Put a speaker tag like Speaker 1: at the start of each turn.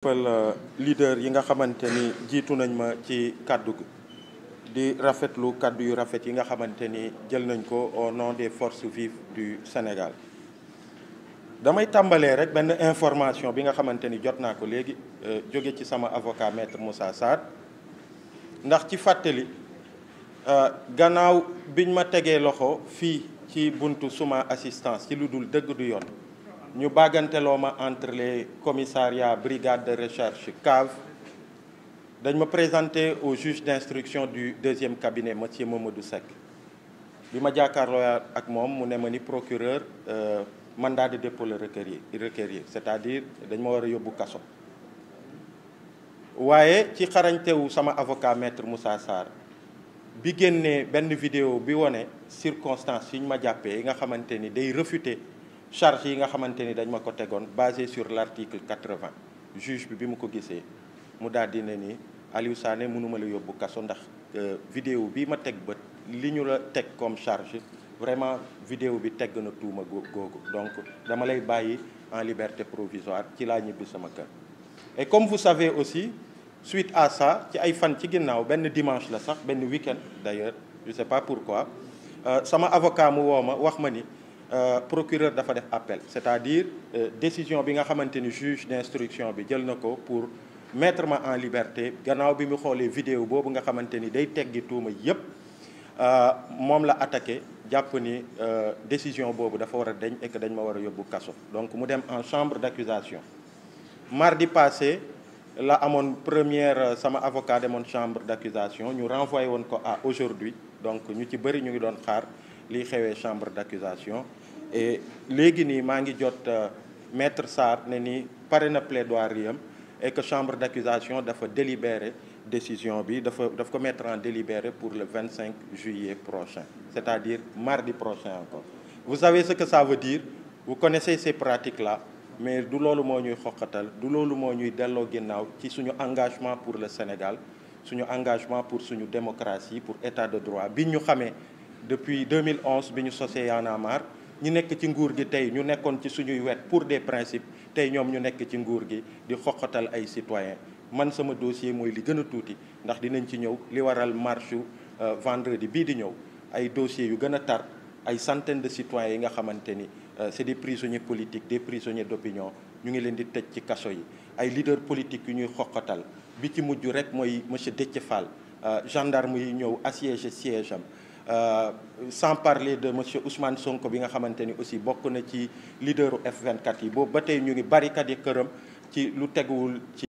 Speaker 1: pal euh, leader yi nga xamante ni jiitu nañ ma ci kàddu di rafetlu kàddu yu rafet yi nga xamante ni jël nañ ko au nom des forces vives du Sénégal damay tàmbalee rek benn information bi nga xamante ni jot naa ko léegi euh, jóge ci sama avocat maître Moussa Sarr ndax ci fàttali euh, gannaaw biñ ma tegee loxo fii ci buntu suma assistance ci lu dul dëgg du yoon ñu bàgganteloo ma entre les commissariats brigade de recherche cave dañ ma présenté au juge d'instruction du deuxième cabinet monsieur Mamadou Seck bi ma jàkkaarloo ak moom mu ne ma ni procureur euh, mandat de dépôt le requérir requérir c'est-à-dire dañ ma war a yóbbu kaso waaye ci xarañtewu sama avocat maître Moussa Sarr bi génnee benn vidéo bi wone circonstance yi ñu ma jàppee yi nga xamante ni day réfuter charge yi nga xamante ni dañ ma ko tegoon basé sur l' article quatre-vingt juge bi bi mu ko gisee mu daal di ne ni Aliou mënuma la yóbbu kaso ndax euh, vidéo bi ma teg ba li ñu la teg comme charge vraiment vidéo bi teg na tuuma googu donc dama lay bàyyi en liberté provisoire ci laa ñibbi sama kër comme vous savez aussi suite à ça ci ay fan ci ginnaaw benn dimanche la sax benn week-end d' ailleurs je sais pas pourquoi euh, sama avocat mu woo ma wax ma ni Euh, procureur dafa def appel c'est-à-dire euh, décision bi nga xamante ni juge d'instruction bi jël na ko pour mettre ma en liberté gannaaw bi mu xoolee vidéo boobu nga xamante ni day teggi tuuma yépp euh, moom la attaqué jàpp ni décision boobu dafa war a deñ et dañ ma war a yóbbu kaso donc mu dem en chambre d'accusation mardi passé la amoon première sama avocat demoon chambre d'accusation ñu renvoyé woon ko à aujourd'hui donc ñu ci bëri ñu ngi doon xaar liy xewee chambre d'accusation et léegi nii maa ngi jot euh, maître Sarr ne nii pare na plaidoirie am et que chambre d'accusation dafa délibéré décision bi dafa daf ko mettre en délibéré pour le 25 juillet prochain c'est-à-dire mardi prochain encore vous savez ce que ça veut dire vous connaissez ces pratiques-là mais du loolu moo ñuy xoqatal du loolu moo ñuy delloo ginnaaw ci suñu engagement pour le Sénégal suñu engagement pour suñu démocratie pour état de droit bi ñu xamee depuis 2011 bi ñu sosee Y'en ñi nekk ci nguur gi tey ñu nekkoon ci suñuy wet pour des principes tey ñoom ñu nekk ci nguur gi di xoqatal ay citoyens man sama dossier mooy li gën a tuuti ndax dinañ ci ñëw li waral marche euh, vendredi bii di ñëw ay dossiers yu gën a tar ay centaines de citoyens yi nga xamante ni euh, c'est des prisonniers politiques des prisonniers d'opinion ñu ngi leen di tëj ci kaso yi ay leaders politiques yu ñuy xoqatal bi ci mujj rek mooy monsieur Déthié Fall euh, gendarme yi ñëw assiégé siège am Euh, sans parler de monsieur Ousmane Sonko bi nga xamante ni aussi bokk na ci leaderu F24 yi boobu ba tey ñu ngi barricade këram ci lu teguwul ci